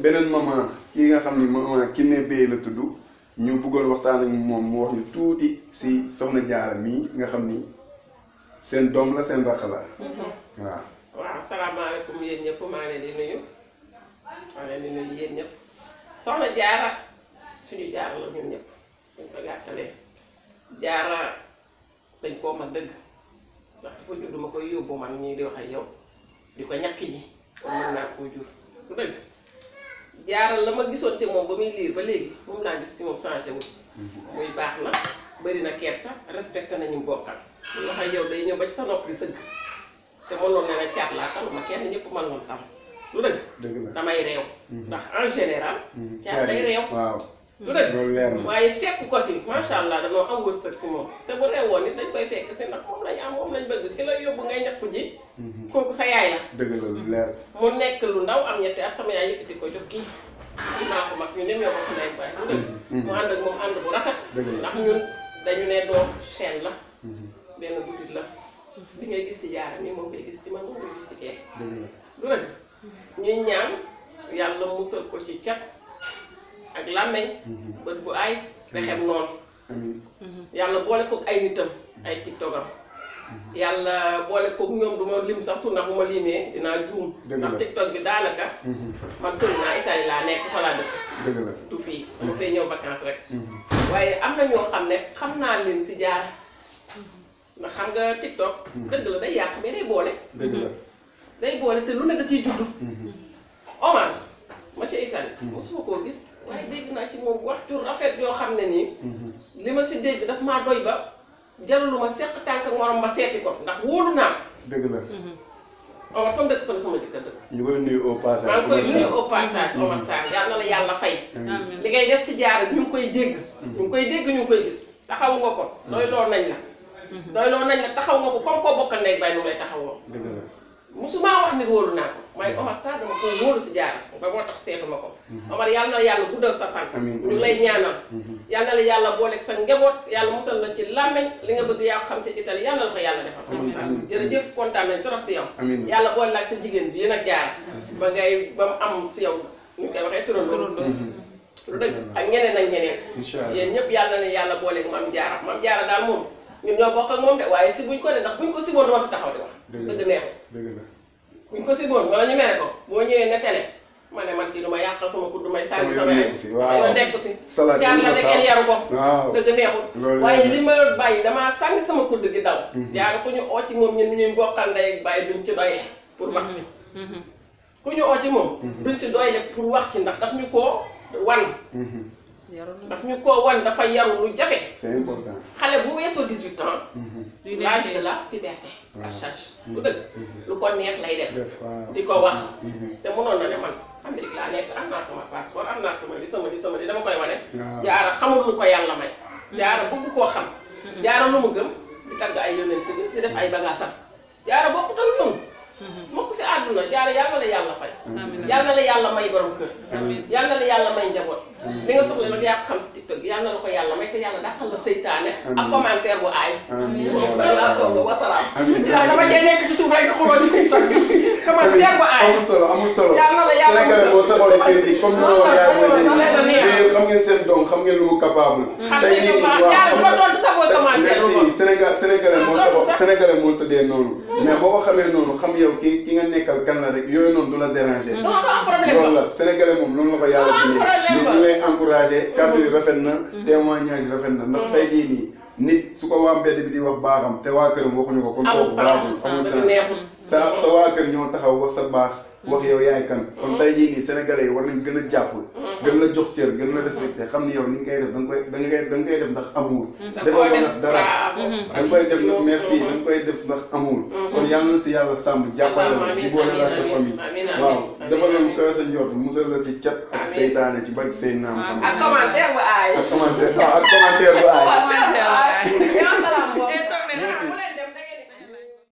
beneen maman kii nga xam ni ki Kiné Beye la tudd ñu buggoon waxtaan ak moom mu wax ñu tuuti si soxna jaara mii nga xam ni seen doom la seen rakk la. Mm-hmm. waaw. waaw salaamaaleykum yéen ñëpp maa ngi leen maa ngi leen di nuyu soxna Diarra suñu Diarra la ñun ñëpp dañ ko gàttalee Diarra dañ koo ma dëgg ndax ko jur ma koy yóbbu man ñii di wax ak di ko ñàkk ji kon naa koo jur du dëgg. jaaral la ma gisoo ci moom ba muy liir ba léegi moom laa gis si moom changé muy baax na bëri na kersa respecté nañu bokkal lu wax ak yow day ñëw ba ci sa nopp bi sëgg te mënoon na ne caat laa taluma kenn ñëpp mën loon tal lu dëgg damay réew mm-hmm. ndax en général mm-hmm. caat day réew lu dëgg waaye fekk ko si macha allah danoo am wërsëg si moom te bu rewoon it dañ koy fekk si ndax moom lañ am moom lañ bëgg ki la yóbbu ngay ñàkk ji mhm. kooku sa yaay la dëgg la lu leer mu nekk lu ndaw am ñetti ak sama yaay yëkkati ko jox kii kii maa ko mag ñu nem ñoo ko ko day bàyyi lu dëgg mhm. mu ànd ak moom ànd bu rafet ndax ñun dañu ne doom chaîne la mhm. benn boutique la li ngay gis ci jaaram yi moom ngay gis ci man moom ngay gis ci kee lu dëgg ñuy ñaan yàlla musal ko ci cat ak làmmeñ mhm. bët bu aay pexem mhm. noonu mhm. yàlla boole kook ay nitam ay tiktokam yàlla boole kook ñoom du ma lim sax tur ndax bu ma limee dinaa juum ndax tiktok bi daanaka man sori naa Italie laa nekk fa laa dëkk du fii dama fay ñëw vacances rek waaye am na ñoo xam ne xam naa leen si jaar ndax xam nga tiktok dëgg la day yàq mais day boole day boole te lu ne da juddu Mm-hmm. mosuma koo gis waaye dégg naa ci moom waxtu rafet yoo xam ne nii mm-hmm. li ma si dégg daf maa doy ba jaraluma seq tànk morom ba seeti ko ndax wóolu naa dëgg la mm-hmm. Omar fa dëkk fa la sama jëkkër dëkk ñu koy nuyu au passage maa ngi koy nuyu au passage na la yàlla fay li ngay def si jaar ñu ngi koy dégg ñu koy dégg ñu ngi koy gis taxaw nga ko doy loo nañ la doy loo nañ la taxaw nga ko comme koo bokkal nekk bàyyi nu mu lay taxawoo musuma wax nit wóolu naa ko mooy mm. Omar Sarr dama ko wóolu ba moo tax seetuma ko mm-hmm. Omar yàlla na yàlla guddal sa fan ñu ngi lay ñaanal mm-hmm. yàlla na la yàlla booleeg sa njaboot yàlla musal la ci làmmeñ li nga bëgg yaa xam ci Italie yàlla yàlla defal Omar Sarr jërëjëf kontaan nañ trop si yàlla boole la ak sa jigéen bi yéen a jaar ba ngay ba mu am si yow ñu koy waxee turandoo lu mm-hmm. dëgg ak ñeneen ak ñeneen yéen ñëpp yàlla na yàlla booleeg maam jaara maam jaara daal moom ñun ñoo bokk ak moom de waaye si buñ ko ne ndax buñ ko si woon doo fi taxaw di wax dëgg neexu buñ ko siboon wala ñu mere ko boo ñëwee ne tele ma ne man di duma yàqal sama kudd may sànni sama yoon si waaw ma nekk si jaar la nekkeen yaru ko dëgg neexul waaye li ma bàyyi damaa sànni sama kudd gi daw mhm. jaar ku ñu oo ci moom ñun ñuy bokkal ndey bàyyi duñ ci doy pour wax si mhm. Mhm. ku ñu oo ci moom duñ pour wax ci ndax daf ñu koo wan daf ñu koo wan dafa yaru lu jafe c'est important xale bu weesoo 18 ans l'âge de la puberté. à bu mm-hmm. dëgg. lu ko neex lay def. di ko wax. Mm-hmm. te mënoon na ne man Amérique laa nekk am naa sama passeport am naa sama li sama li sama li dama koy wane. waaw jaara xamul lu ko yàlla may. jaara bëgg koo xam. jaara mm-hmm. lu mu gëm di tagg ay yónneen di def ay bagaasam. jaara bokkut ak ñun. mukk mm-hmm. si àdduna jaara yal na la yàlla fay yal na la yàlla may borom kër yal na la yàlla may njaboot mm-hmm. li nga soxla nag yaa ko xam si tiktok yal la ko yàlla may te yàlla daxal la seytaane ak commentaire bu aay laa toog wasalaam dama cee nekk ci suuf rek di xuloo ci tiktok commentaire bu aay amul solo amul solo yal na la yàlla ngeen lu mu capable. tey jii waaw Sénégal Sénégalais moo sabab Sénégalais moo tëddee noonu. mais boo ko xamee noonu xam yow ki ki nga nekkal kan la rek yooyu noonu du la déranger. Mm-hmm. loolu la Sénégalais moom loolu la ko yàlla bindee. Mm-hmm. rafet na. Mm-hmm. rafet na ndax tey jii nii. nit su ko waa mbedd bi di wax baaxam te waa këram waxuñu ko kon kooku sa sa waa kër ñoo taxaw sa baax wax yow yaay kan kon mm-hmm. tey jii nii sénégalais yi war nañ gën a jàpp mm-hmm. gën la jox cër gën la respecté xam ni yow li nga koy def da nga koy da nga koy da nga koy def ndax amour mm-hmm. defoo ko ndax dara da nga koy def ndax merci da nga koy def ndax amour kon yàlla na si yàlla sàmm jàppale la di boole la sa famille waaw defal la mu kawe sa njort musal la si cat ak seytaane ci barke seen naam xam ak commentaire bu aay ak commentaire bu aay